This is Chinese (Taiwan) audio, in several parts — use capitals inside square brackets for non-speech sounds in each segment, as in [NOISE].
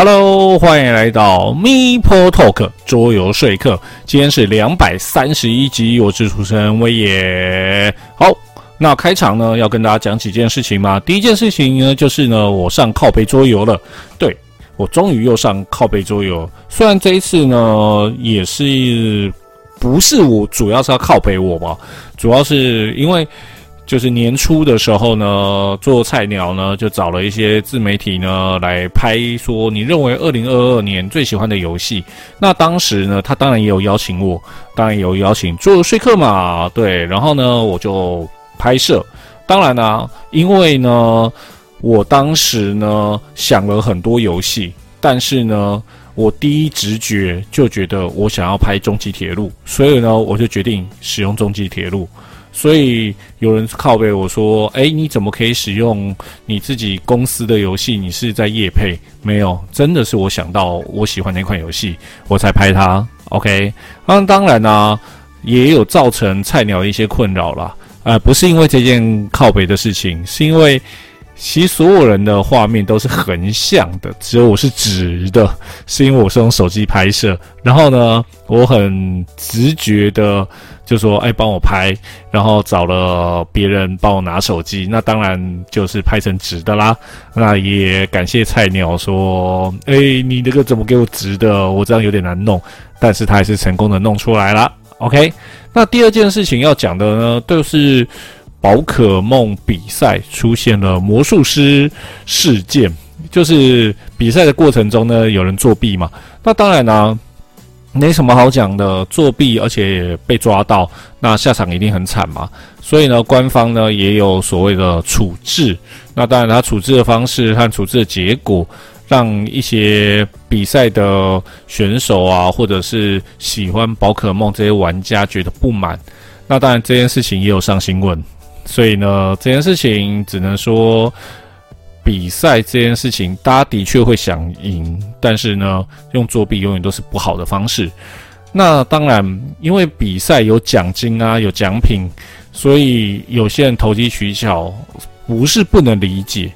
Hello，歡迎來到 MeepleTalk 桌遊說客。今天是兩百三十一集，我是主持人威爺。好，那開場呢，要跟大家講幾件事情嘛。第一件事情呢，就是呢，我上靠北桌遊了。對，我終於又上靠北桌遊。雖然這一次呢，也是不是我，主要是要靠北我吧，主要是因為。就是年初的時候呢，做菜鳥呢，就找了一些自媒體呢來拍，說，你認為二零二二年最喜歡的遊戲。那當時呢，他當然也有邀請我，當然也有邀請做說客嘛，對。然後呢，我就拍攝。當然啦、啊，因為呢，我當時呢想了很多遊戲，但是呢，我第一直覺就覺得我想要拍終極鐵路，所以呢，我就決定使用終極鐵路。所以有人靠北我說，哎、欸，你怎麼可以使用你自己公司的遊戲？你是在業配？沒有，真的是我想到我喜歡那款遊戲，我才拍它。OK，那當然呢、啊，也有造成菜鳥一些困擾啦。啊、呃，不是因為這件靠北的事情，是因為。其實所有人的畫面都是橫向的，只有我是直的，是因為我是用手機拍攝。然後呢，我很直覺的就說：“哎，幫我拍。”然後找了別人幫我拿手機，那當然就是拍成直的啦。那也感謝菜鳥說：“誒、哎，你這個怎麼給我直的？我這樣有點難弄。”但是他還是成功的弄出來了。OK，那第二件事情要講的呢，就是。寶可夢比賽出現了魔術師事件，就是比賽的過程中呢，有人作弊嘛。那當然呢、啊，沒什麼好講的，作弊而且被抓到，那下場一定很慘嘛。所以呢，官方呢也有所謂的處置。那當然，他處置的方式和處置的結果，讓一些比賽的選手啊，或者是喜歡寶可夢這些玩家覺得不滿。那當然，這件事情也有上新聞。所以呢，這件事情只能說，比賽這件事情，大家的確會想贏，但是呢，用作弊永遠都是不好的方式。那當然，因為比賽有獎金啊，有獎品，所以有些人投機取巧，不是不能理解。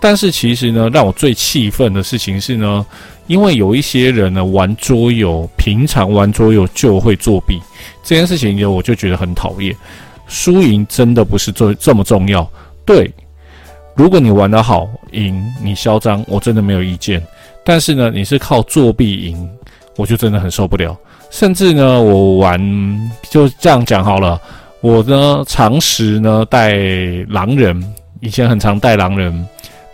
但是其實呢，讓我最氣憤的事情是呢，因為有一些人呢玩桌遊，平常玩桌遊就會作弊，這件事情呢，我就覺得很討厭。輸贏真的不是最這麼重要。對，如果你玩得好，贏你囂張，我真的沒有意見。但是呢，你是靠作弊贏，我就真的很受不了。甚至呢，我玩就這樣講好了。我呢，常時呢，帶狼人，以前很常帶狼人。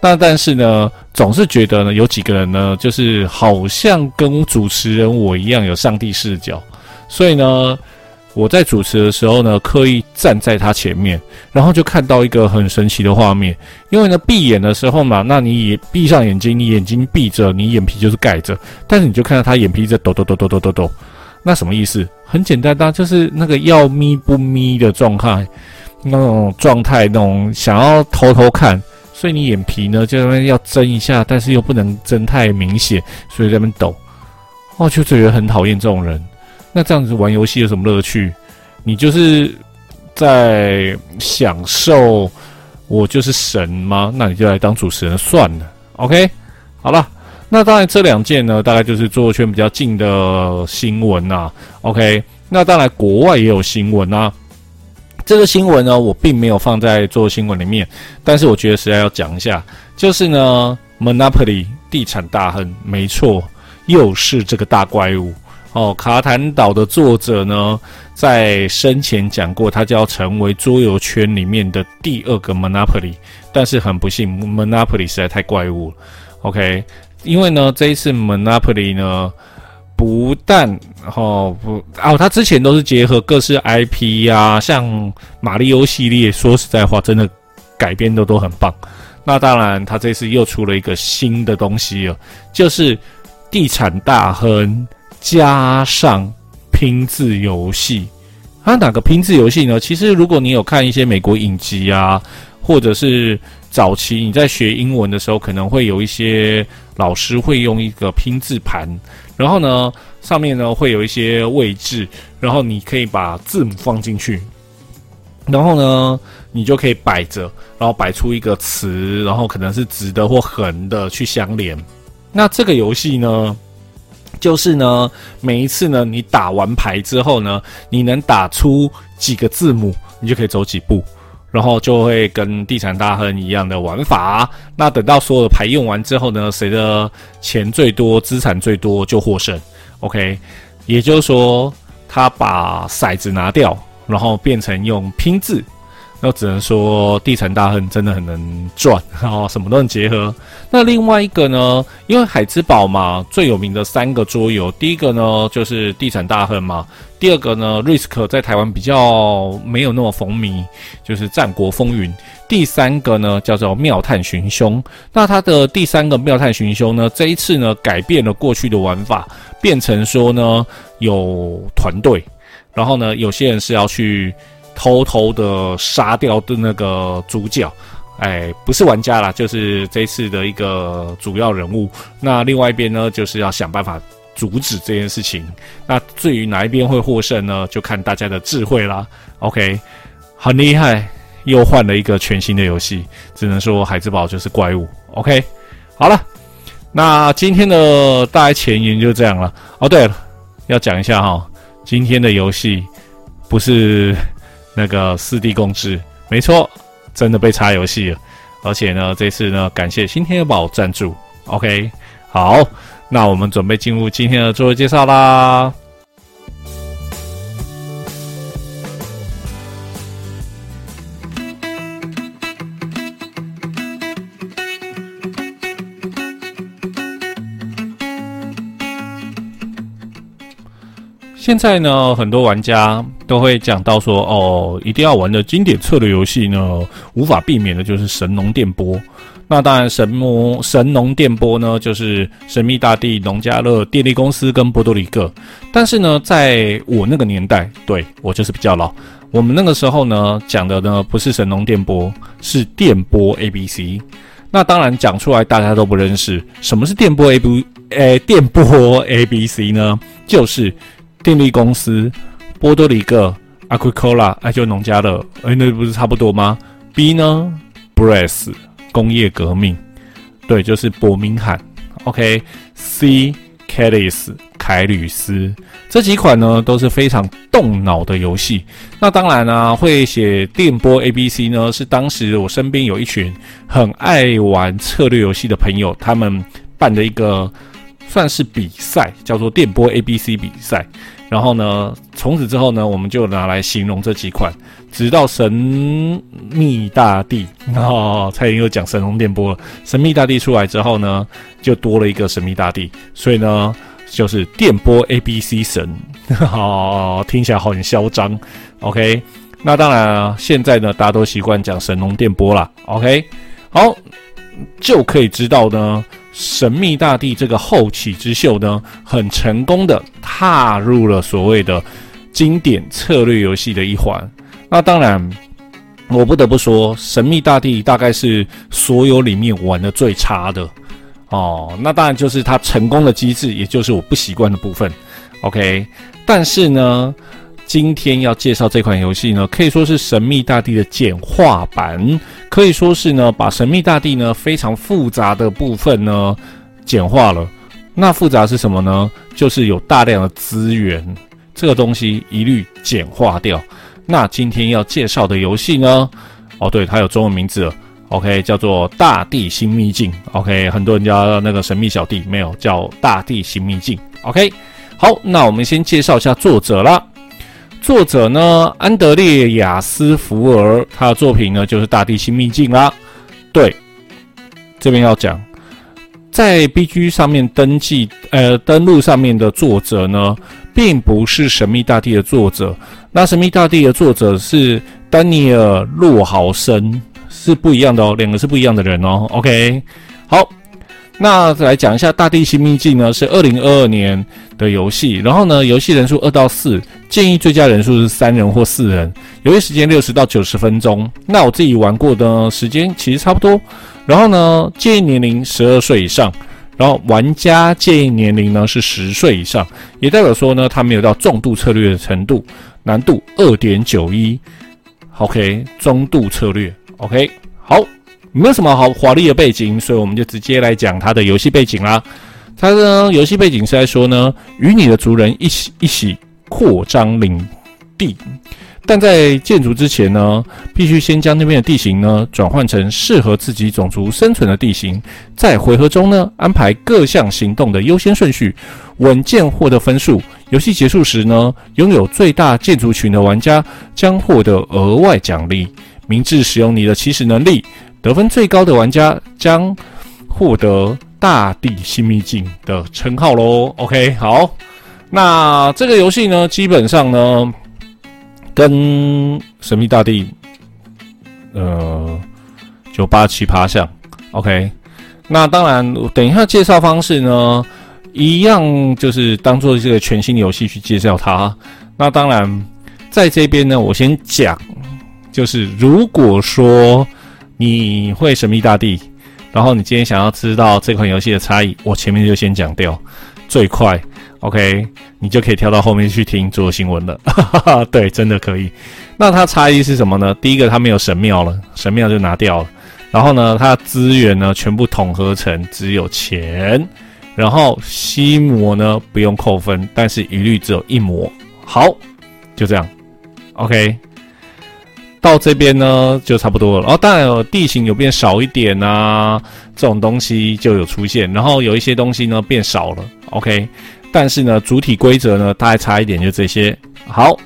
那但是呢，總是覺得呢，有幾個人呢，就是好像跟主持人我一樣有上帝視角，所以呢。我在主持的時候呢，刻意站在他前面，然後就看到一個很神奇的畫面。因為呢，閉眼的時候嘛，那你也閉上眼睛，你眼睛閉着，你眼皮就是蓋着，但是你就看到他眼皮在抖抖抖抖抖抖抖。那什麼意思？很簡單啊，就是那個要眯不眯的狀態，那種狀態，那種想要偷偷看，所以你眼皮呢就在那邊要睜一下，但是又不能睜太明顯，所以在那邊抖。哇，就覺得很討厭這種人。那這樣子玩遊戲有什麼樂趣？你就是在享受我就是神嗎？那你就來當主持人算了。OK，好了，那當然這兩件呢，大概就是桌圈比較近的新聞啊。OK，那當然國外也有新聞啊。這個新聞呢，我並沒有放在桌新聞裡面，但是我覺得實在要講一下，就是呢，Monopoly 地產大亨，沒錯，又是這個大怪物。哦，《卡坦島》的作者呢，在生前講過，他就要成為桌遊圈裡面的第二個 Monopoly，但是很不幸，Monopoly 實在太怪物了。OK，因為呢，這一次 Monopoly 呢，不但，哦，不，哦，他之前都是結合各式 IP 呀、啊，像瑪利歐系列，說實在話，真的改編的都很棒。那當然，他這次又出了一個新的東西哦，就是地產大亨。加上拼字遊戲，它、啊、哪個拼字遊戲呢？其實如果你有看一些美國影集啊，或者是早期你在學英文的時候，可能會有一些老師會用一個拼字盤，然後呢，上面呢會有一些位置，然後你可以把字母放進去，然後呢，你就可以擺着，然後擺出一個詞，然後可能是直的或橫的去相連。那這個遊戲呢？就是呢，每一次呢，你打完牌之後呢，你能打出幾個字母，你就可以走幾步，然後就會跟地產大亨一樣的玩法。那等到所有的牌用完之後呢，誰的錢最多、資產最多就獲勝。OK，也就是說，他把骰子拿掉，然後變成用拼字。那只能說地產大亨真的很能賺，然後什麼都能結合。那另外一個呢，因為孩之寶嘛，最有名的三個桌遊，第一個呢就是地產大亨嘛，第二個呢 Risk 在台灣比較沒有那麼風靡，就是戰國風雲。第三個呢叫做妙探尋凶。那它的第三個妙探尋凶呢，這一次呢改變了過去的玩法，變成說呢有團隊，然後呢有些人是要去。偷偷的殺掉的那個主角，哎，不是玩家啦，就是這次的一個主要人物。那另外一邊呢，就是要想辦法阻止這件事情。那至於哪一邊會獲勝呢？就看大家的智慧啦。OK，很厲害，又換了一個全新的遊戲，只能說孩之寶就是怪物。OK，好了，那今天的大概前言就這樣了。哦，對了，要講一下哈，今天的遊戲不是。那個四 D 公知，沒錯，真的被插遊戲了，而且呢，這次呢，感謝新天鵝堡贊助，OK，好，那我們準備進入今天的桌遊介紹啦。現在呢，很多玩家都會講到說：“哦，一定要玩的經典策略遊戲呢，無法避免的就是神農電波。”那當然神，神魔神農電波呢，就是神秘大地、農家樂、電力公司跟波多黎各。但是呢，在我那個年代，對，我就是比較老。我們那個時候呢，講的呢不是神農電波，是電波 A B C。那當然，講出來大家都不認識。什麼是電波 A B C？誒，電波 A B C 呢？就是。電力公司，波多黎各 Agricola 愛、啊、丘農家樂，哎，那不是差不多嗎？B 呢，Brass 工業革命，對，就是伯明翰。OK，C，Caylus、OK、凱呂斯，這幾款呢都是非常動腦的遊戲。那當然啊，會寫電波 ABC 呢，是當時我身邊有一群很愛玩策略遊戲的朋友，他們辦的一個。算是比賽，叫做電波 A B C 比賽。然後呢，從此之後呢，我們就拿來形容這幾款，直到神秘大地。然後蔡英又講神龍電波了。神秘大地出來之後呢，就多了一個神秘大地，所以呢，就是電波 A B C 神。好、哦，聽起來好很囂張。OK，那當然了，現在呢，大家都習慣講神龍電波啦。OK，好，就可以知道呢。神秘大地這個後起之秀呢，很成功的踏入了所謂的經典策略遊戲的一環。那當然，我不得不說，神秘大地大概是所有裡面玩的最差的哦。那當然就是他成功的機制，也就是我不習慣的部分。OK，但是呢。今天要介紹這款遊戲呢，可以說是《神秘大地》的簡化版，可以說是呢把《神秘大地》呢非常複雜的部分呢簡化了。那複雜是什麼呢？就是有大量的資源，這個東西一律簡化掉。那今天要介紹的遊戲呢，哦對，它有中文名字了，OK，叫做《大地新秘境》。OK，很多人家那個神秘小弟沒有叫《大地新秘境》。OK，好，那我們先介紹一下作者啦。作者呢？安德烈亞斯福爾，他的作品呢就是《大地新秘境》啦。對，這邊要講，在 B G 上面，登記、呃登錄上面的作者呢，並不是《神秘大地》的作者。那《神秘大地》的作者是丹尼爾洛豪森，是不一樣的哦，兩個是不一樣的人哦。OK，好。那來講一下《大地新秘境》呢，是二零二二年的遊戲。然後呢，遊戲人數二到四，建議最佳人數是三人或四人。遊戲時間六十到九十分鐘。那我自己玩過的時間其實差不多。然後呢，建議年齡十二歲以上。然後玩家建議年齡呢是十歲以上，也代表說呢，他沒有到重度策略的程度。難度二點九一，OK，中度策略，OK，好。沒有什麼好華麗的背景，所以我們就直接來講它的遊戲背景啦。它的呢遊戲背景是在說呢，與你的族人一起一起擴張領地，但在建築之前呢，必須先將那邊的地形呢轉換成適合自己種族生存的地形。在回合中呢，安排各項行動的優先順序，穩健獲得分數。遊戲結束時呢，擁有最大建築群的玩家將獲得額外獎勵。明智使用你的起始能力。得分最高的玩家將獲得“大地新秘境”的稱號嘍。OK，好，那這個遊戲呢，基本上呢，跟《神秘大地》呃九八七趴像。OK，那當然，我等一下介紹方式呢，一樣就是當做這個全新遊戲去介紹它。那當然，在這邊呢，我先講，就是如果說。你會神秘大地，然後你今天想要知道這款遊戲的差異，我前面就先講掉，最快，OK，你就可以跳到後面去聽做新聞了。 [LAUGHS] 對，真的可以。那它差異是什麼呢？第一個，它沒有神廟了，神廟就拿掉了。然後呢，它的資源呢全部統合成只有錢。然後吸魔呢不用扣分，但是一律只有一魔。好，就這樣，OK。到這邊呢就差不多了，然後，哦，當然地形有變少一點啊，這種東西就有出現，然後有一些東西呢變少了，OK，但是呢主體規則呢它還差一點就這些。好，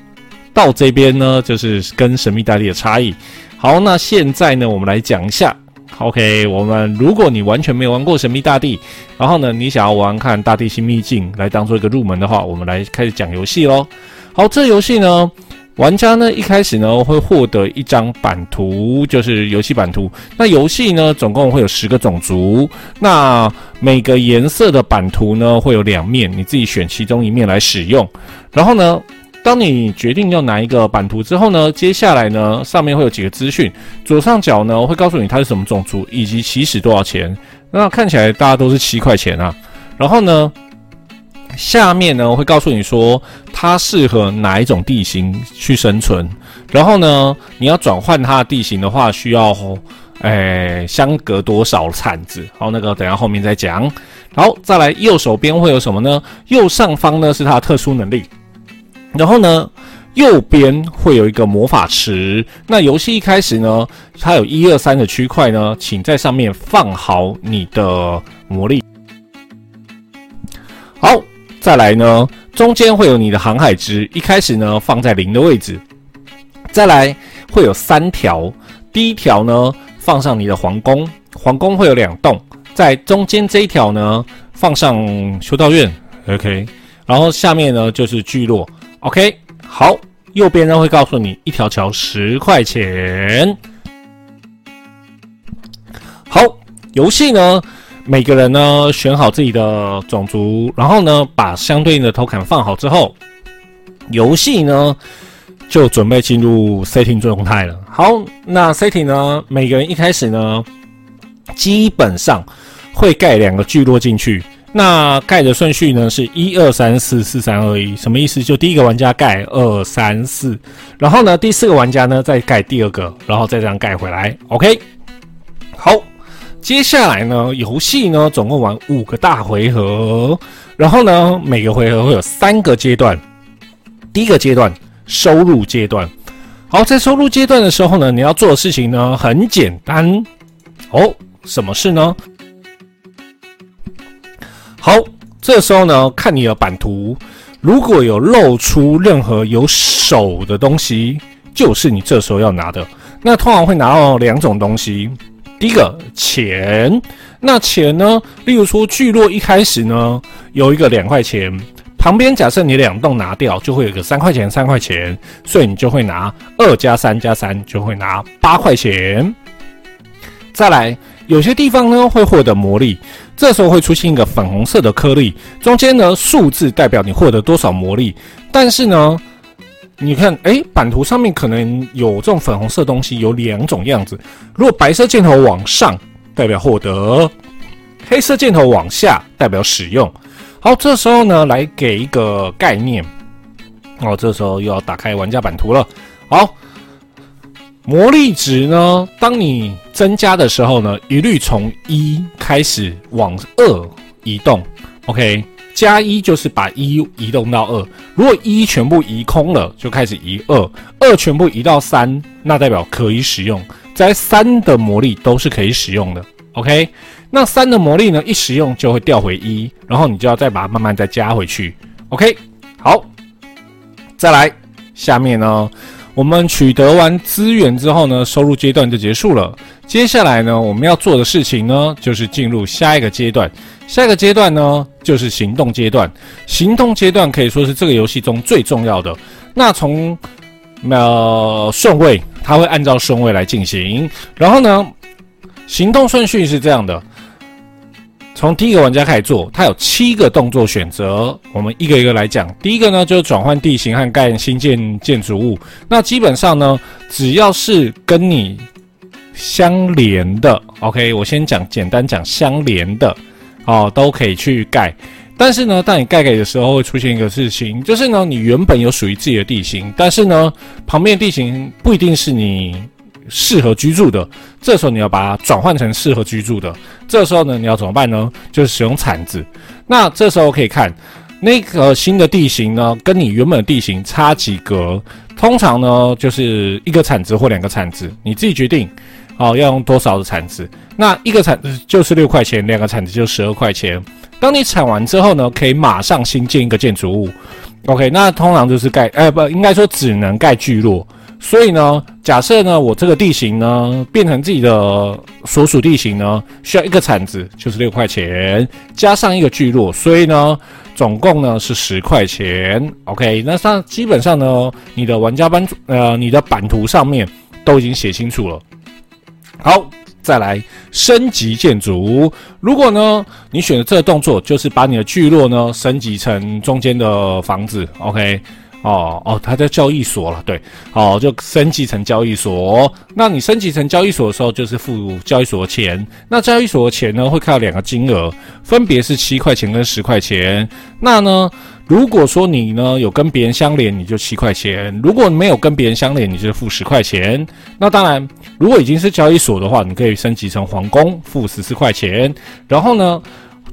到這邊呢就是跟神秘大地的差異。好，那現在呢我們來講一下，OK，我們如果你完全沒有玩過神秘大地，然後呢你想要玩看大地新秘境來當做一個入門的話，我們來開始講遊戲嘍。好，這個遊戲呢。玩家呢，一開始呢會獲得一張版圖，就是遊戲版圖。那遊戲呢，總共會有十個種族。那每個顏色的版圖呢，會有兩面，你自己選其中一面來使用。然後呢，當你決定要拿一個版圖之後呢，接下來呢，上面會有幾個資訊。左上角呢，會告訴你它是什麼種族以及起始多少錢。那看起來大家都是七塊錢啊。然後呢，下面呢會告訴你說它適合哪一種地形去生存，然後呢你要轉換它的地形的話，需要誒、欸、相隔多少鏟子？好，那個等一下後面再講。然後再來右手邊會有什麼呢？右上方呢是它的特殊能力，然後呢右邊會有一個魔法池。那遊戲一開始呢，它有一二三的區塊呢，請在上面放好你的魔力。好。再來呢，中間會有你的航海值，一開始呢放在零的位置。再來會有三條，第一條呢放上你的皇宮，皇宮會有兩棟，在中間這一條呢放上修道院，OK，然後下面呢就是聚落，OK。好，右邊呢會告訴你一條橋十塊錢。好，遊戲呢。每個人呢選好自己的種族，然後呢把相對應的 token 放好之後，遊戲呢就準備進入 setting 狀態了。好，那 setting 呢，每個人一開始呢，基本上會蓋兩個聚落進去。那蓋的順序呢是一二三四四三二一，什麼意思？就第一個玩家蓋二三四，然後呢第四個玩家呢再蓋第二個，然後再這樣蓋回來。OK，好。接下來呢，遊戲呢總共玩五個大回合，然後呢每個回合會有三個階段。第一個階段，收入階段，好，在收入階段的時候呢，你要做的事情呢很簡單哦，什麼事呢？好，這時候呢看你的版圖，如果有露出任何有手的東西，就是你這時候要拿的。那通常會拿到兩種東西。第一個，錢，那錢呢？例如說，聚落一開始呢，有一個兩塊錢，旁邊假設你兩棟拿掉，就會有個三塊錢，三塊錢，所以你就會拿二加三加三，就會拿八塊錢。再來，有些地方呢會獲得魔力，這時候會出現一個粉紅色的顆粒，中間呢數字代表你獲得多少魔力，但是呢。你看，哎，版圖上面可能有這種粉紅色東西，有兩種樣子。如果白色箭頭往上，代表獲得；黑色箭頭往下，代表使用。好，這時候呢，來給一個概念。哦，這時候又要打開玩家版圖了。好，魔力值呢，當你增加的時候呢，一律從一開始往二移動。OK。1> 加一就是把一移動到二，如果一全部移空了，就開始移二，二全部移到三，那代表可以使用，在三的魔力都是可以使用的。OK，那三的魔力呢？一使用就會掉回一，然後你就要再把它慢慢再加回去。OK，好，再來下面呢。我們取得完資源之後呢，收入階段就結束了。接下來呢，我們要做的事情呢，就是進入下一個階段。下一個階段呢，就是行動階段。行動階段可以說是這個遊戲中最重要的。那從呃順位，它會按照順位來進行。然後呢，行動順序是這樣的。從第一個玩家開始做，他有七個動作選擇，我們一個一個來講。第一個呢，就是轉換地形和蓋新建建築物。那基本上呢，只要是跟你相連的，OK，我先講簡單講相連的哦，都可以去蓋。但是呢，當你蓋給的時候，會出現一個事情，就是呢，你原本有屬於自己的地形，但是呢，旁邊的地形不一定是你，適合居住的。這時候你要把它轉換成適合居住的。這時候呢，你要怎麼辦呢？就是使用鏟子。那這時候可以看那個新的地形呢，跟你原本的地形差幾格，通常呢就是一個鏟子或兩個鏟子，你自己決定。好，要用多少的鏟子？那一個鏟子就是六塊錢，兩個鏟子就十二塊錢。當你鏟完之後呢，可以馬上新建一個建築物。OK，那通常就是蓋，呃，不應該說只能蓋聚落。所以呢，假設呢，我這個地形呢變成自己的所屬地形呢，需要一個鏟子，就是六塊錢，加上一個聚落，所以呢，總共呢是十塊錢。OK，那它基本上呢，你的玩家版呃，你的版圖上面都已經寫清楚了。好，再來升級建築。如果呢，你選擇這個動作，就是把你的聚落呢升級成中間的房子。OK。哦哦，它在交易所了，對，好，哦，就升級成交易所。那你升級成交易所的時候，就是付交易所的錢。那交易所的錢呢，會看到兩個金額，分別是七塊錢跟十塊錢。那呢，如果說你呢有跟別人相連，你就七塊錢；如果你沒有跟別人相連，你就付十塊錢。那當然，如果已經是交易所的話，你可以升級成皇宮，付十四塊錢，然後呢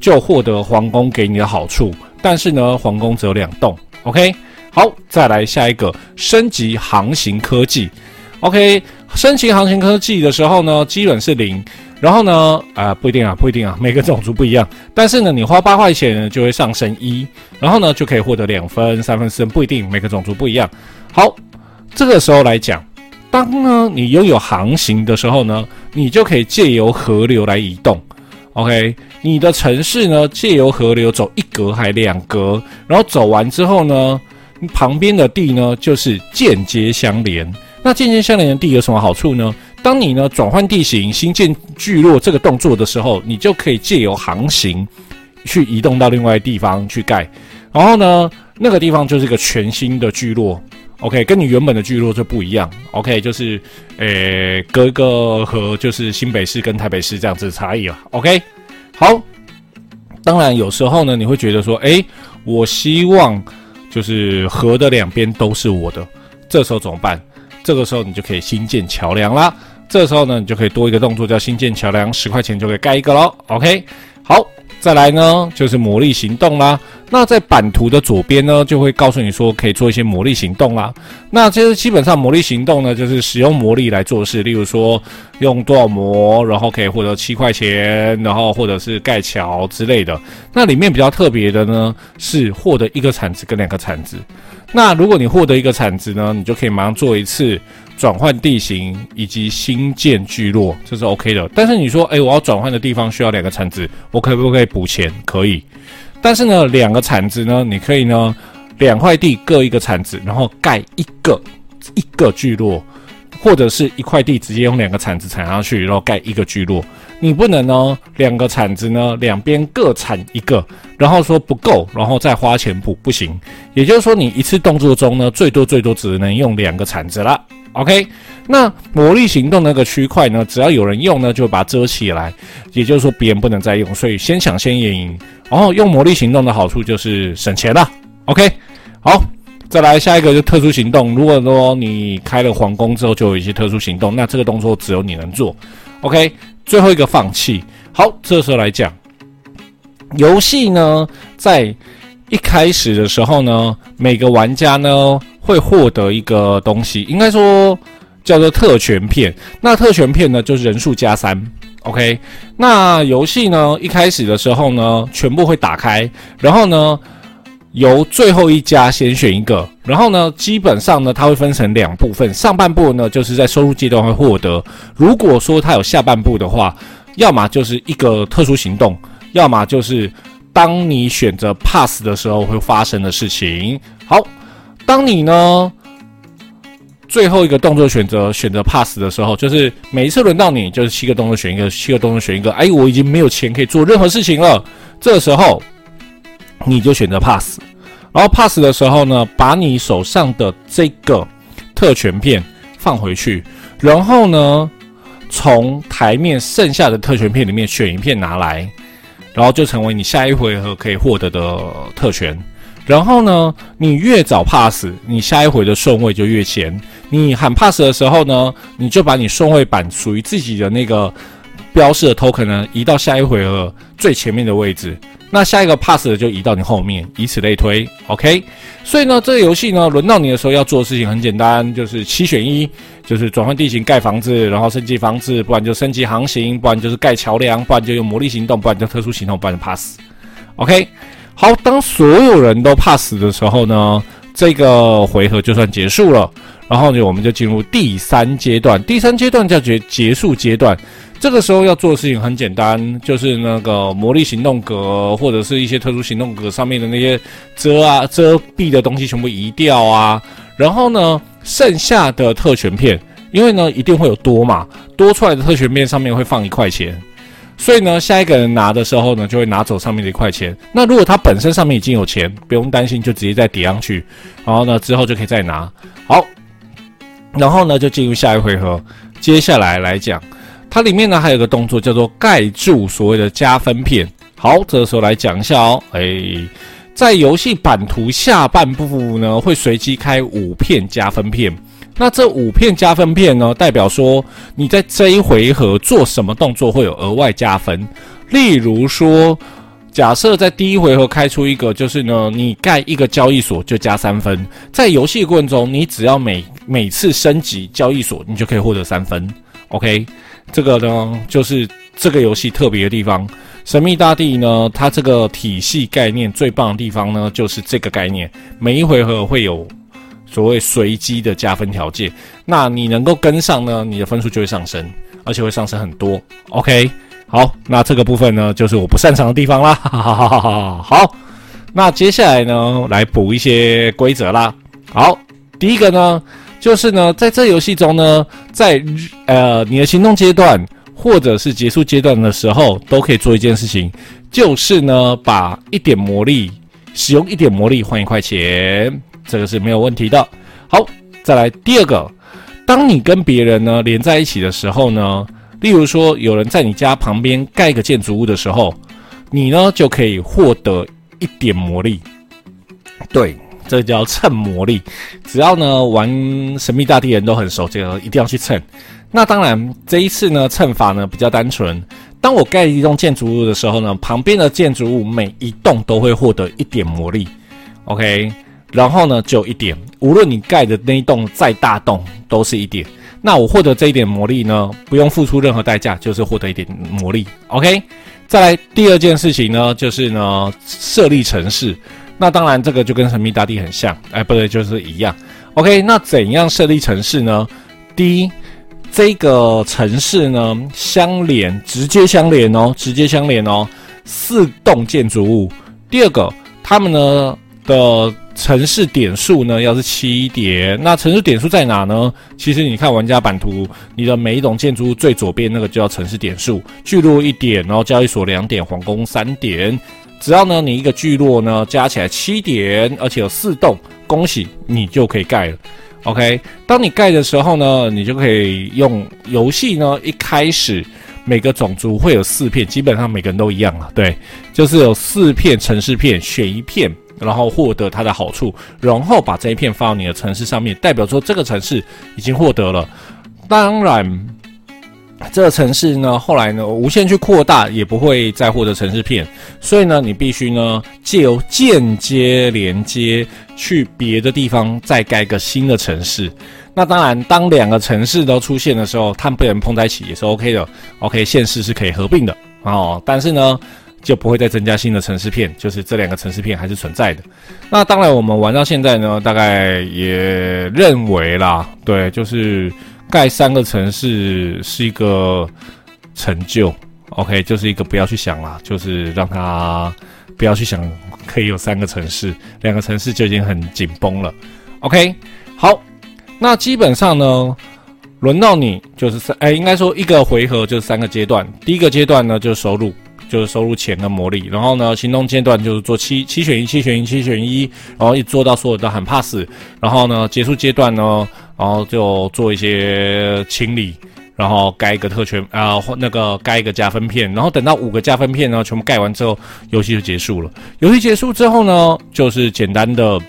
就獲得皇宮給你的好處。但是呢，皇宮只有兩棟，OK。好，再來下一個升級航行科技。OK，升級航行科技的時候呢，基本是零。然後呢，啊、呃，不一定啊，不一定啊，每個種族不一樣。但是呢，你花八塊錢呢，就會上升一，然後呢，就可以獲得兩分、三分、四分，不一定，每個種族不一樣。好，這個時候來講，當呢你擁有航行的時候呢，你就可以借由河流來移動。OK，你的城市呢借由河流走一格還兩格，然後走完之後呢？旁邊的地呢，就是間接相連。那間接相連的地有什麼好處呢？當你呢轉換地形、新建聚落這個動作的時候，你就可以借由航行去移動到另外地方去蓋。然後呢，那個地方就是一個全新的聚落。OK，跟你原本的聚落就不一樣。OK，就是誒，隔、欸、個河就是新北市跟台北市這樣子差異了、啊。OK，好。當然有時候呢，你會覺得說，誒、欸，我希望。就是河的兩邊都是我的，這時候怎麼辦？這個時候你就可以新建橋梁啦。這時候呢，你就可以多一個動作叫新建橋梁，十塊錢就可以蓋一個嘍。OK，好。再來呢，就是魔力行動啦。那在版圖的左邊呢，就會告訴你說，可以做一些魔力行動啦。那其實基本上魔力行動呢，就是使用魔力來做事。例如說，用多少魔，然後可以獲得七塊錢，然後或者是蓋橋之類的。那裡面比較特別的呢，是獲得一個鏟子跟兩個鏟子。那如果你獲得一個鏟子呢，你就可以馬上做一次。轉換地形以及新建聚落，這是 OK 的。但是你說，誒，欸，我要轉換的地方需要兩個鏟子，我可不可以補錢？可以。但是呢，兩個鏟子呢，你可以呢，兩塊地各一個鏟子，然後蓋一個一個聚落。或者是一塊地直接用兩個鏟子鏟上去，然後蓋一個聚落。你不能哦，兩個鏟子呢，兩邊各鏟一個，然後說不夠，然後再花錢補，不行。也就是說，你一次動作中呢，最多最多只能用兩個鏟子啦。OK，那魔力行動那個區塊呢，只要有人用呢，就把它遮起來。也就是說，別人不能再用，所以先搶先贏。然後用魔力行動的好處就是省錢啦。OK，好。再來下一個就特殊行動。如果說你開了皇宮之後，就有一些特殊行動，那這個動作只有你能做。OK，最後一個放棄。好，這時候來講，遊戲呢，在一開始的時候呢，每個玩家呢會獲得一個東西，應該說叫做特權片。那特權片呢，就是人數加三，OK，那遊戲呢一開始的時候呢，全部會打開，然後呢。由最後一家先選一個，然後呢，基本上呢，它會分成兩部分，上半部呢就是在收入階段會獲得。如果說它有下半部的話，要麼就是一個特殊行動，要麼就是當你選擇 pass 的時候會發生的事情。好，當你呢最後一個動作選擇選擇 pass 的時候，就是每一次輪到你就是七個動作選一個，七個動作選一個，哎，我已經沒有錢可以做任何事情了，這個時候，你就選擇 pass，然後 pass 的時候呢，把你手上的這個特權片放回去，然後呢，從台面剩下的特權片裡面選一片拿來，然後就成為你下一回合可以獲得的特權。然後呢，你越早 pass，你下一回的順位就越前。你喊 pass 的時候呢，你就把你順位板屬於自己的那個。標示的 token 呢，移到下一回合最前面的位置。那下一個 pass 的就移到你後面，以此類推。OK。所以呢，這個遊戲呢，輪到你的時候要做的事情很簡單，就是七選一，就是轉換地形、蓋房子，然後升級房子，不然就升級航行，行，不然就是蓋橋樑，不然就用魔力行動，不然就特殊行動，不然就 pass。OK。好，當所有人都 pass 的時候呢，這個回合就算結束了。然後呢，我們就進入第三階段，第三階段叫結結束階段。這個時候要做的事情很簡單，就是那個魔力行動格或者是一些特殊行動格上面的那些遮啊遮蔽的東西全部移掉啊。然後呢，剩下的特權片，因為呢一定會有多嘛，多出來的特權片上面會放一塊錢，所以呢下一個人拿的時候呢，就會拿走上面的一塊錢。那如果他本身上面已經有錢，不用擔心，就直接再疊上去。然後呢之後就可以再拿。好，然後呢就進入下一回合，接下來來講。它裡面呢還有一個動作叫做蓋住所謂的加分片。好，這個時候來講一下哦。誒、欸，在遊戲版圖下半部呢，會隨機開五片加分片。那這五片加分片呢，代表說你在這一回合做什麼動作會有額外加分。例如說，假設在第一回合開出一個，就是呢你蓋一個交易所就加三分。在遊戲過程中，你只要每每次升級交易所，你就可以獲得三分。OK。這個呢，就是這個遊戲特別的地方。神秘大地呢，它這個體系概念最棒的地方呢，就是這個概念，每一回合會有所謂隨機的加分條件。那你能夠跟上呢，你的分數就會上升，而且會上升很多。OK，好，那這個部分呢，就是我不擅長的地方啦。 [LAUGHS] 好，那接下來呢，來補一些規則啦。好，第一個呢。就是呢，在這遊戲中呢，在呃你的行動階段或者是結束階段的時候，都可以做一件事情，就是呢，把一點魔力使用一點魔力換一塊錢，這個是沒有問題的。好，再來第二個，當你跟別人呢連在一起的時候呢，例如說有人在你家旁邊蓋一個建築物的時候，你呢就可以獲得一點魔力，對。這叫蹭魔力，只要呢玩神秘大地人都很熟，這個一定要去蹭。那當然，這一次呢蹭法呢比較單純。當我蓋一棟建築物的時候呢，旁邊的建築物每一棟都會獲得一點魔力，OK。然後呢就一點，無論你蓋的那一棟再大棟，棟都是一點。那我獲得這一點魔力呢，不用付出任何代價，就是獲得一點魔力，OK。再來第二件事情呢，就是呢設立城市。那當然，這個就跟神秘大地很像，哎，不對，就是一樣。OK，那怎樣設立城市呢？第一，這個城市呢，相連，直接相連哦，直接相連哦，四棟建築物。第二個，他們呢的城市點數呢，要是七點。那城市點數在哪呢？其實你看玩家版圖，你的每一棟建築物最左邊那個就叫城市點數，聚落一點，然後交易所兩點，皇宮三點。只要呢，你一個聚落呢加起來七點，而且有四棟，恭喜你就可以蓋了。OK，當你蓋的時候呢，你就可以用遊戲呢一開始每個種族會有四片，基本上每個人都一樣了。對，就是有四片城市片，選一片，然後獲得它的好處，然後把這一片放到你的城市上面，代表說這個城市已經獲得了。當然。這個城市呢，後來呢，無限去擴大也不會再獲得城市片，所以呢，你必須呢，借由間接連接，去別的地方再蓋一個新的城市。那當然，當兩個城市都出現的時候，它們被人碰在一起也是 OK 的，OK，現實是可以合併的哦。但是呢，就不會再增加新的城市片，就是這兩個城市片還是存在的。那當然，我們玩到現在呢，大概也認為啦，對，就是。蓋三個城市是一個成就，OK，就是一個不要去想了，就是讓他不要去想，可以有三個城市，兩個城市就已經很緊繃了，OK，好，那基本上呢，輪到你就是三，哎、欸，應該說一個回合就是三個階段，第一個階段呢就是收入，就是收入錢跟魔力，然後呢行動階段就是做七七選一，七選一，七選一，然後一做到所有的很 pass，然後呢結束階段呢。然後就做一些清理，然後蓋一個特權啊、呃，那個蓋一個加分片，然後等到五個加分片呢全部蓋完之後，遊戲就結束了。遊戲結束之後呢，就是簡單的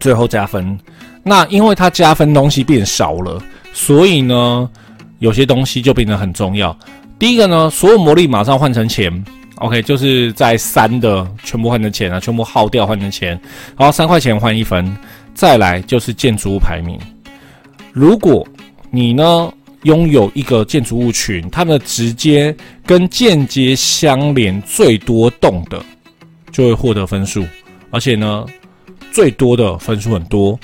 最後加分。那因為它加分東西變少了，所以呢，有些東西就變得很重要。第一個呢，所有魔力馬上換成錢，OK，就是在三的全部換成錢啊，全部耗掉換成錢，然後三塊錢換一分。再來就是建築物排名。如果你呢擁有一個建築物群，它們直接跟間接相連最多棟的，就會獲得分數。而且呢，最多的分數很多。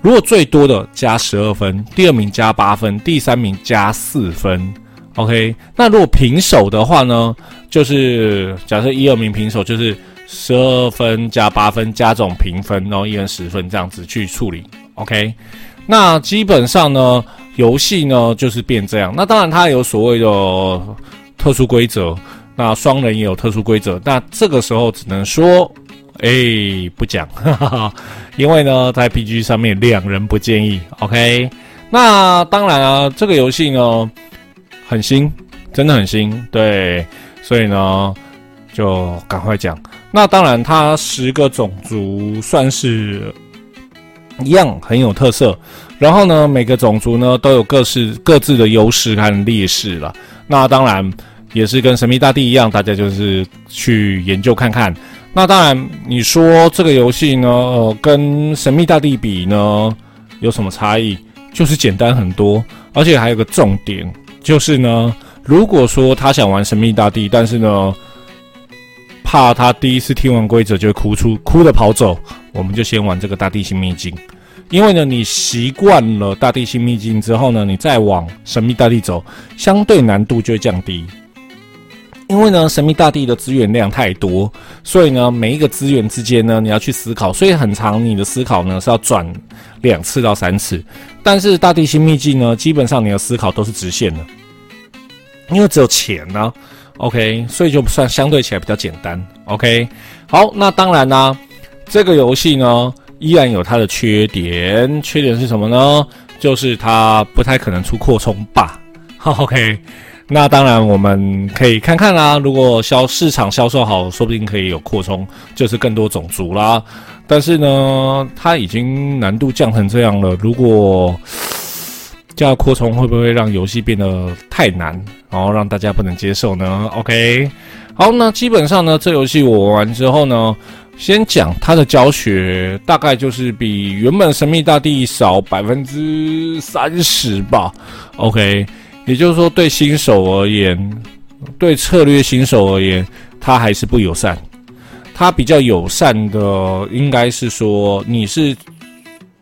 如果最多的加十二分，第二名加八分，第三名加四分。OK，那如果平手的話呢，就是假設一二名平手，就是。十二分加八分加總評分，然後一人十分這樣子去處理。OK，那基本上呢，遊戲呢就是變這樣。那當然它有所謂的特殊規則，那雙人也有特殊規則。那這個時候只能說，哎、欸，不講，哈哈哈，因為呢在 PG 上面兩人不建議。OK，那當然啊，這個遊戲呢很新，真的很新，對，所以呢就趕快講。那當然，它十個種族算是一樣很有特色。然後呢，每個種族呢都有各式各自的優勢和劣勢了。那當然也是跟《神秘大地》一樣，大家就是去研究看看。那當然，你說這個遊戲呢，呃，跟《神秘大地》比呢有什麼差異？就是簡單很多，而且還有一個重點，就是呢，如果說他想玩《神秘大地》，但是呢。怕他第一次聽完規則就會哭出，哭着跑走，我們就先玩這個大地新秘境。因為呢，你習慣了大地新秘境之後呢，你再往神秘大地走，相對難度就會降低。因為呢，神秘大地的資源量太多，所以呢，每一個資源之間呢，你要去思考，所以很常你的思考呢是要轉兩次到三次。但是大地新秘境呢，基本上你的思考都是直線的，因為只有錢呢、啊。OK，所以就算相對起來比較簡單。OK，好，那當然啦，這個遊戲呢依然有它的缺點，缺點是什麼呢？就是它不太可能出擴充吧。OK，那當然我們可以看看啦，如果銷市場銷售好，說不定可以有擴充，就是更多種族啦。但是呢，它已經難度降成這樣了，如果這樣擴充會不會讓遊戲變得太難？然後讓大家不能接受呢？OK，好，那基本上呢，這遊戲我玩完之後呢，先講它的教學，大概就是比原本《神秘大地》少百分之三十吧。OK，也就是說，對新手而言，對策略新手而言，它還是不友善。它比較友善的，應該是說你是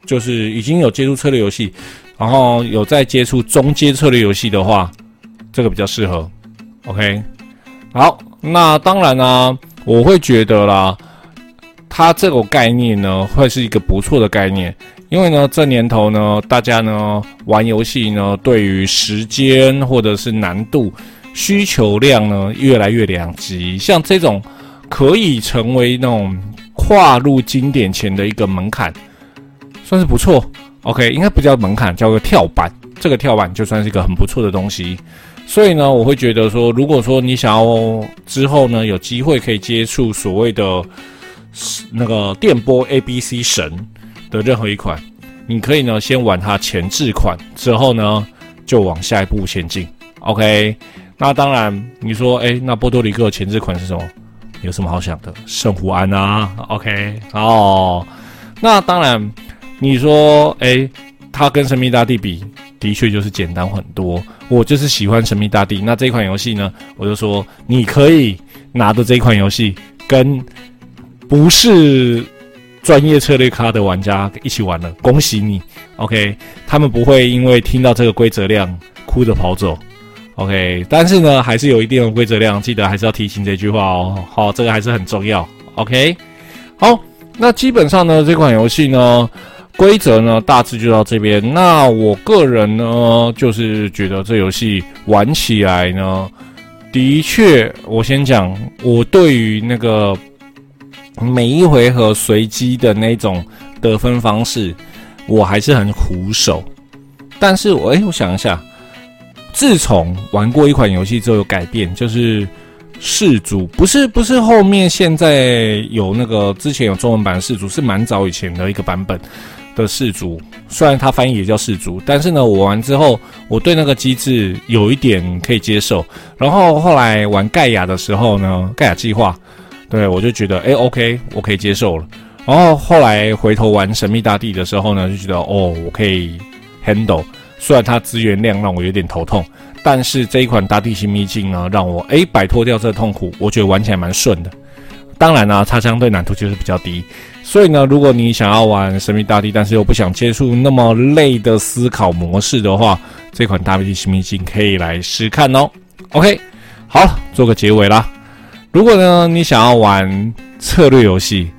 就是已經有接觸策略遊戲，然後有在接觸中階策略遊戲的話。這個比較適合，OK，好，那當然呢，啊，我會覺得啦，它這個概念呢會是一個不錯的概念，因為呢這年頭呢，大家呢玩遊戲呢，對於時間或者是難度需求量呢越來越兩極。像這種可以成為那種跨入經典前的一個門檻，算是不錯，OK，應該不叫門檻，叫做跳板，這個跳板就算是一個很不錯的東西。所以呢，我會覺得說，如果說你想要之後呢有機會可以接觸所謂的那個電波 ABC 神的任何一款，你可以呢先玩它前置款，之後呢就往下一步前進。OK，那當然你說，哎，那波多黎各前置款是什麼？有什麼好想的？聖胡安啊。OK，哦。那當然你說，哎。它跟《神秘大地》比，的確就是簡單很多。我就是喜歡《神秘大地》，那這款遊戲呢，我就說你可以拿着這款遊戲跟不是專業策略咖的玩家一起玩了。恭喜你，OK。他們不會因為聽到這個規則量哭着跑走，OK。但是呢，還是有一定的規則量，記得還是要提醒這句話哦。好，哦，這個還是很重要，OK。好，那基本上呢，這款遊戲呢。規則呢，大致，就到這邊。那我個人呢，就是覺得這遊戲玩起來呢，的確，我先講，我對於那個每一回合隨機的那種得分方式，我還是很苦手。但是，我、欸、誒，我想一下，自從玩過一款遊戲之後有改變，就是氏族不是不是，不是後面現在有那個之前有中文版的氏族是蠻早以前的一個版本。的氏族，雖然它翻譯也叫氏族，但是呢，我玩之後，我對那個機制有一點可以接受。然後後來玩蓋亞的時候呢，蓋亞計劃，對，我就覺得，哎，欸，OK，我可以接受了。然後後來回頭玩神秘大地的時候呢，就覺得，哦，我可以 handle。雖然它資源量讓我有點頭痛，但是這一款大地新秘境呢，讓我哎擺脫掉這個痛苦，我覺得玩起來蠻順的。當然呢，啊，它相對難度就是比較低。所以呢，如果你想要玩《神秘大地》，但是又不想接觸那麼累的思考模式的話，這款《大地新秘境》可以來試看哦。OK，好，做個結尾啦。如果呢，你想要玩策略遊戲，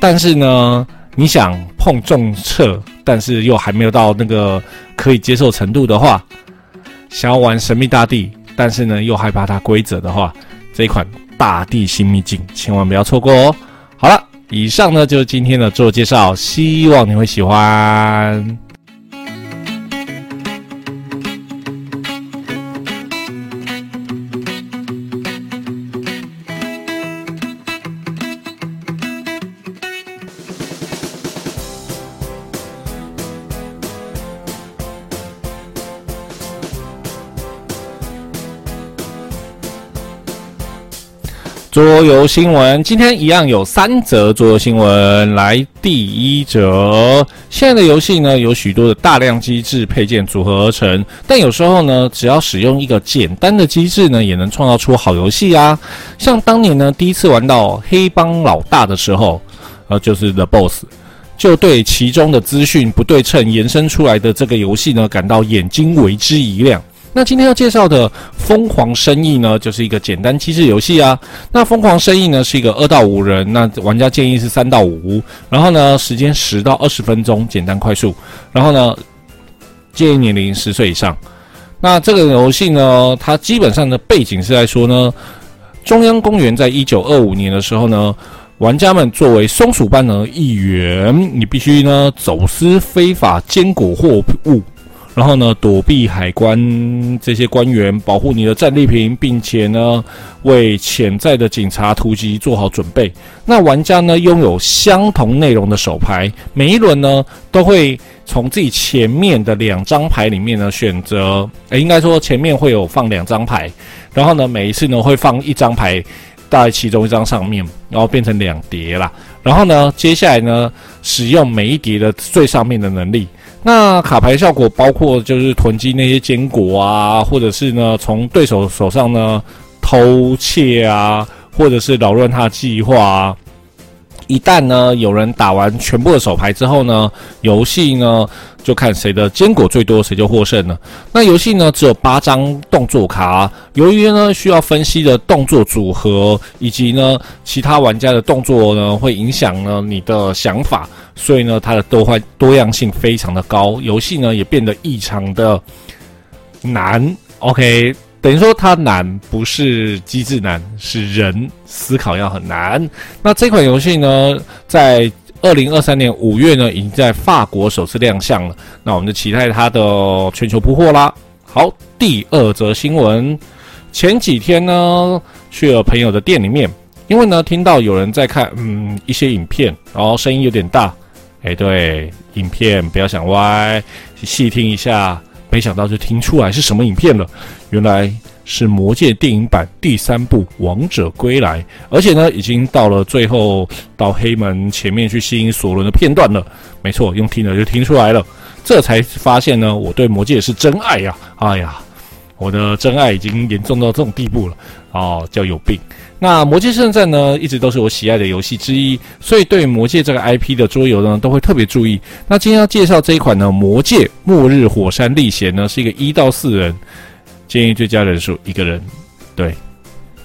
但是呢，你想碰重策，但是又還沒有到那個可以接受程度的話，想要玩《神秘大地》，但是呢，又害怕它規則的話，這一款《大地新秘境》千萬不要錯過哦。以上呢，就是今天的自我介紹，希望你會喜歡。桌遊新聞，今天一樣有三則桌遊新聞。來，第一則，現在的遊戲呢，有許多的大量機制配件組合而成，但有時候呢，只要使用一個簡單的機制呢，也能創造出好遊戲啊。像當年呢，第一次玩到黑幫老大的時候，呃，就是 The Boss，就對其中的資訊不對稱延伸出來的這個遊戲呢，感到眼睛為之一亮。那今天要介紹的《瘋狂生意》呢，就是一個簡單機制遊戲啊。那《瘋狂生意》呢是一個二到五人，那玩家建議是三到五，然後呢時間十到二十分鐘，簡單快速。然後呢建議年齡十歲以上。那這個遊戲呢，它基本上的背景是在說呢，中央公園在一九二五年的時候呢，玩家們作為松鼠班的一員，你必須呢走私非法堅果貨物。然後呢，躲避海關這些官員，保護你的戰利品，並且呢，為潛在的警察突擊做好準備。那玩家呢，擁有相同內容的手牌，每一輪呢，都會從自己前面的兩張牌裡面呢選擇，誒，應該說前面會有放兩張牌，然後呢，每一次呢會放一張牌搭在其中一張上面，然後變成兩疊啦。然後呢，接下來呢，使用每一疊的最上面的能力。那卡牌效果包括就是囤積那些堅果啊，或者是呢從對手手上呢偷竊啊，或者是擾亂他計劃啊。一旦呢，有人打完全部的手牌之後呢，遊戲呢就看誰的堅果最多，誰就獲勝了。那遊戲呢只有八張動作卡，由於呢需要分析的動作組合以及呢其他玩家的動作呢，會影響呢你的想法，所以呢它的多換多樣性非常的高，遊戲呢也變得異常的難。OK。等於說它難，不是機制難，是人思考要很難。那這款遊戲呢，在二零二三年五月呢，已經在法國首次亮相了。那我們就期待它的全球鋪貨啦。好，第二則新聞，前幾天呢去了朋友的店裡面，因為呢聽到有人在看，嗯，一些影片，然後聲音有點大，誒、欸，對，影片不要想歪，細聽一下，沒想到就聽出來是什麼影片了。原來是《魔戒電影版第三部《王者歸來》，而且呢，已經到了最後到黑門前面去吸引索倫的片段了。沒錯，用聽的就聽出來了。這才發現呢，我對《魔戒是真愛呀、啊！哎呀，我的真愛已經嚴重到這種地步了啊、哦，叫有病。那《魔戒聖戰呢，一直都是我喜愛的遊戲之一，所以對《魔戒這個 IP 的桌遊呢，都會特別注意。那今天要介紹這一款呢，《魔戒末日火山歷險》呢，是一個一到四人。建議最佳人數一個人，對，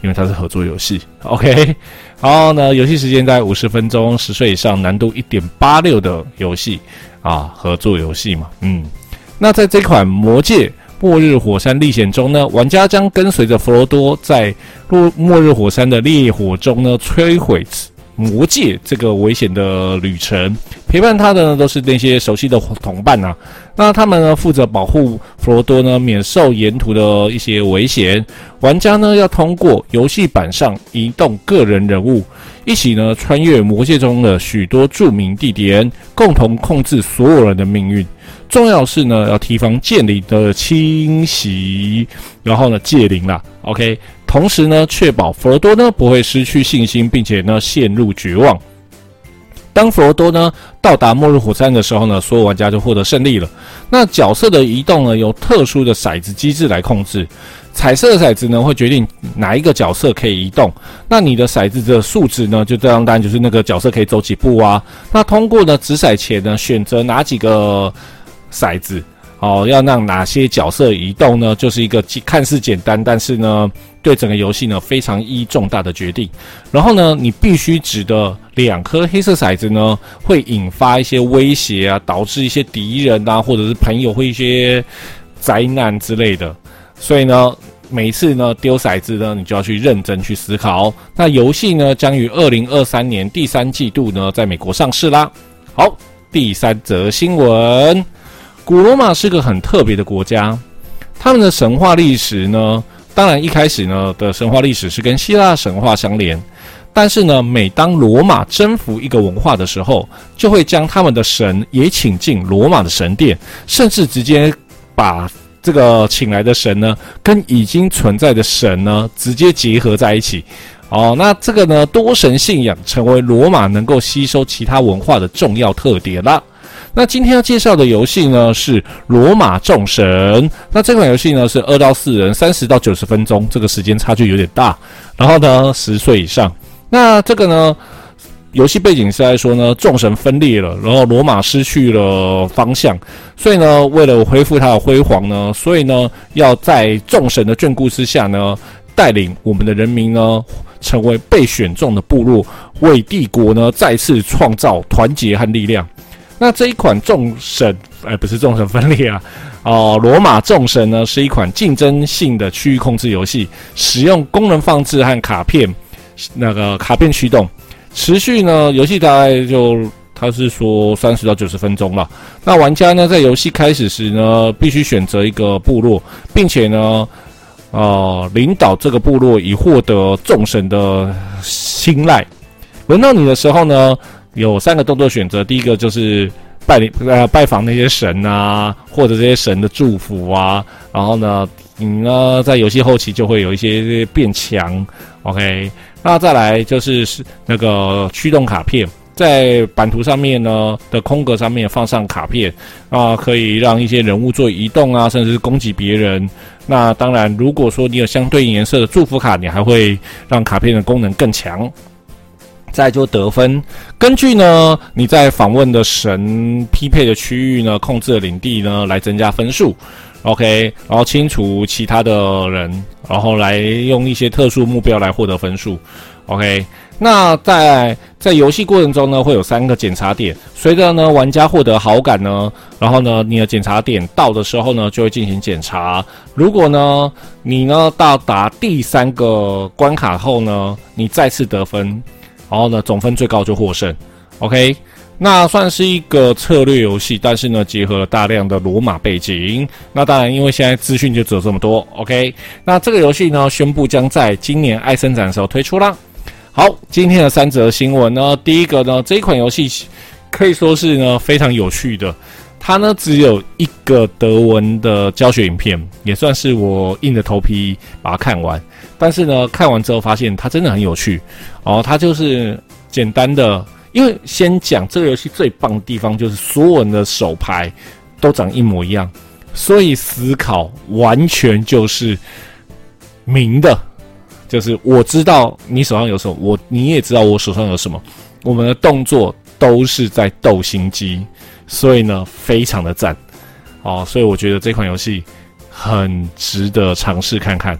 因為它是合作遊戲。OK，然後呢，遊戲時間在五十分鐘，十歲以上，難度一點八六的遊戲啊，合作遊戲嘛。嗯，那在這款《魔戒末日火山歷險》中呢，玩家將跟隨着弗羅多，在末末日火山的烈火中呢，摧毀魔戒這個危險的旅程。陪伴他的呢，都是那些熟悉的夥同伴啊。那他們呢，負責保護佛羅多呢免受沿途的一些危險。玩家呢要通過遊戲板上移動個人人物，一起呢穿越魔界中的許多著名地點，共同控制所有人的命運。重要是呢要提防戒靈的侵襲，然後呢戒靈啦，OK。同時呢確保佛羅多呢不會失去信心，並且呢陷入絕望。當佛羅多呢到達末日火山的時候呢，所有玩家就獲得勝利了。那角色的移動呢，由特殊的骰子機制來控制。彩色的骰子呢，會決定哪一個角色可以移動。那你的骰子的數值呢，就這樣當然就是那個角色可以走幾步啊。那通過呢擲骰前呢，選擇哪幾個骰子，哦，要讓哪些角色移動呢，就是一個既看似簡單，但是呢。對整個遊戲呢，非常意義重大的決定，然後呢，你必須擲的兩顆黑色骰子呢，會引發一些威脅啊，導致一些敵人啊，或者是朋友會一些災難之類的。所以呢，每次呢丟骰子呢，你就要去認真去思考。那遊戲呢，將於二零二三年第三季度呢，在美國上市啦。好，第三則新聞，古羅馬是個很特別的國家，他們的神話歷史呢。當然，一開始呢的神話歷史是跟希臘神話相連，但是呢，每當羅馬征服一個文化的時候，就會將他們的神也請進羅馬的神殿，甚至直接把這個請來的神呢跟已經存在的神呢直接結合在一起。哦，那這個呢多神信仰成為羅馬能夠吸收其他文化的重要特點啦。那今天要介紹的遊戲呢是《羅馬眾神》。那這款遊戲呢是二到四人，三十到九十分鐘，這個時間差距有點大。然後呢，十歲以上。那這個呢，遊戲背景是在說呢，眾神分裂了，然後羅馬失去了方向，所以呢，為了恢復它的輝煌呢，所以呢，要在眾神的眷顧之下呢，帶領我們的人民呢，成為被選中的部落，為帝國呢再次創造團結和力量。那這一款眾神，哎，不是眾神分裂啊，哦、呃，羅馬眾神呢是一款競爭性的區域控制遊戲，使用功能放置和卡片，那個卡片驅動，持續呢遊戲大概就它是說三十到九十分鐘了。那玩家呢在遊戲開始時呢必須選擇一個部落，並且呢，哦、呃，領導這個部落以獲得眾神的青睞。輪到你的時候呢，有三個動作選擇，第一個就是拜，呃，拜訪那些神啊，或者這些神的祝福啊。然後呢，你呢在遊戲後期就會有一些變強。OK，那再來就是是那個驅動卡片，在版圖上面呢的空格上面放上卡片啊，可以讓一些人物做移動啊，甚至是攻擊別人。那當然，如果說你有相對應顏色的祝福卡，你還會讓卡片的功能更強。再就得分，根據呢你在訪問的神匹配的區域呢，控制的領地呢來增加分數。OK，然後清除其他的人，然後來用一些特殊目標來獲得分數。OK，那在在遊戲過程中呢，會有三個檢查點。隨着呢玩家獲得好感呢，然後呢你的檢查點到的時候呢，就會進行檢查。如果呢你呢到達第三個關卡後呢，你再次得分。然後呢，總分最高就獲勝。OK，那算是一個策略遊戲，但是呢，結合了大量的羅馬背景。那當然，因為現在資訊就只有這麼多。OK，那這個遊戲呢，宣布將在今年埃森展的時候推出啦。好，今天的三則新聞呢，第一個呢，這一款遊戲可以說是呢非常有趣的，它呢只有一個德文的教學影片，也算是我硬着頭皮把它看完。但是呢，看完之後發現它真的很有趣哦。它就是簡單的，因為先講這個遊戲最棒的地方就是所有人的手牌都長一模一樣，所以思考完全就是明的，就是我知道你手上有什麼，我你也知道我手上有什麼，我們的動作都是在鬥心機，所以呢，非常的讚哦。所以我覺得這款遊戲很值得嘗試看看。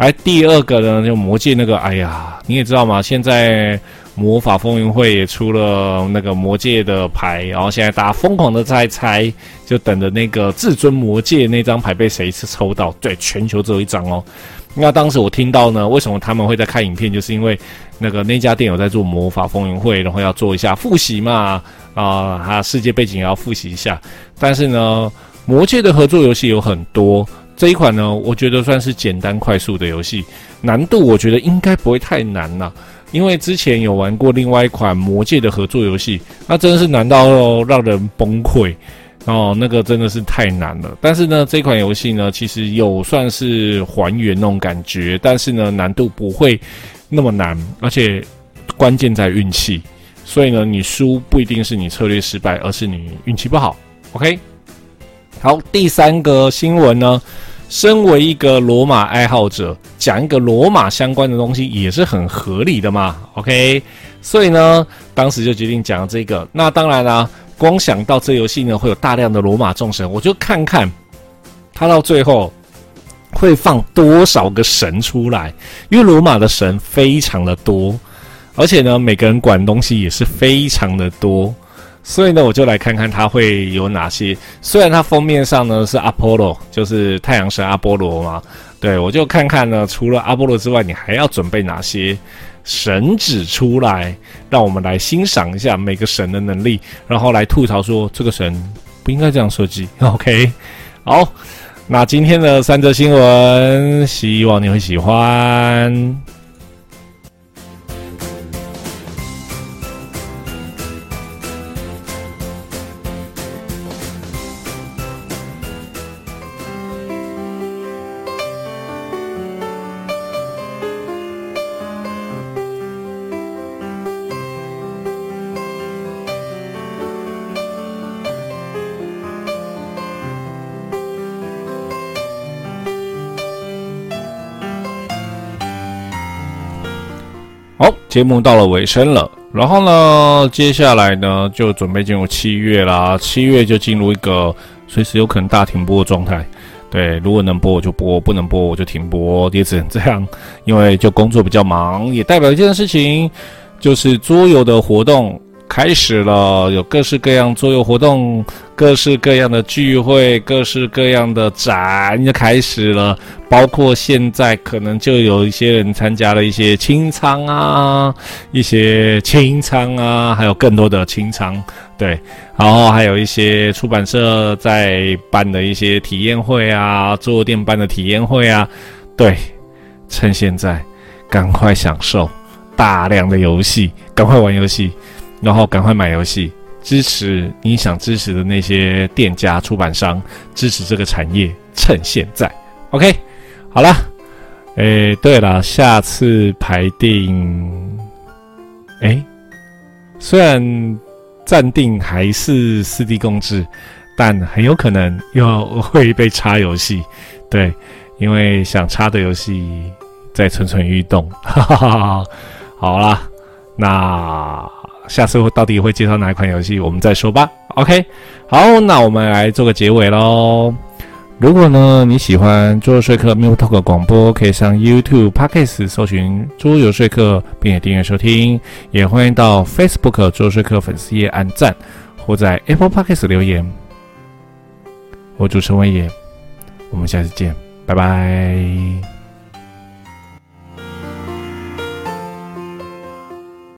來第二個呢，就魔戒那個，哎呀，你也知道嘛，現在魔法風雲會也出了那個魔戒的牌，然後現在大家瘋狂的在猜，就等着那個至尊魔戒那張牌被誰是抽到，對，全球只有一張哦。那當時我聽到呢，為什麼他們會在看影片？就是因為那個那家店有在做魔法風雲會，然後要做一下復習嘛，啊、呃，啊，世界背景也要復習一下。但是呢，魔戒的合作遊戲有很多。這一款呢，我覺得算是簡單快速的遊戲，難度我覺得應該不會太難了啊，因為之前有玩過另外一款魔戒的合作遊戲，那真的是難到讓人崩潰哦，那個真的是太難了。但是呢，這款遊戲呢，其實有算是還原那種感覺，但是呢，難度不會那麼難，而且關鍵在運氣，所以呢，你輸不一定是你策略失敗，而是你運氣不好。OK，好，第三個新聞呢？身為一個羅馬愛好者，講一個羅馬相關的東西也是很合理的嘛，OK？所以呢，當時就決定講這個。那當然啦、啊，光想到這遊戲呢，會有大量的羅馬眾神，我就看看他到最後會放多少個神出來，因為羅馬的神非常的多，而且呢，每個人管東西也是非常的多。所以呢，我就來看看它會有哪些。雖然它封面上呢是阿波羅，就是太陽神阿波羅嘛。對，我就看看呢，除了阿波羅之外，你還要準備哪些神祇出來，讓我們來欣賞一下每個神的能力，然後來吐槽說這個神不應該這樣設計。OK，好，那今天的三則新聞，希望你會喜歡。節目到了尾聲了，然後呢，接下來呢就準備進入七月啦。七月就進入一個隨時有可能大停播的狀態。對，如果能播我就播，不能播我就停播，也只能這樣，因為就工作比較忙，也代表一件事情，就是桌遊的活動。開始了，有各式各樣桌遊活動，各式各樣的聚會，各式各樣的展就開始了。包括現在可能就有一些人參加了一些清倉啊，一些清倉啊，還有更多的清倉。對，然後還有一些出版社在辦的一些體驗會啊，桌遊店辦的體驗會啊。對，趁現在，趕快享受大量的遊戲，趕快玩遊戲。然後趕快買遊戲，支持你想支持的那些店家、出版商，支持這個產業。趁現在，OK，好了。哎，對了，下次排定，哎，雖然暫定還是四 D 控制，但很有可能又會被插遊戲。對，因為想插的遊戲在蠢蠢欲動。哈哈，好啦。那。下次會到底會介紹哪一款遊戲，我們再說吧。OK，好，那我們來做個結尾嘍。如果呢你喜歡桌遊說客 MeepleTalk 廣播，可以上 YouTube、Podcast 搜尋“桌遊說客”並且訂閱收聽，也歡迎到 Facebook 桌遊說客粉絲頁按讚，或在 Apple Podcast 留言。我主持人偉也，我們下次見，拜拜。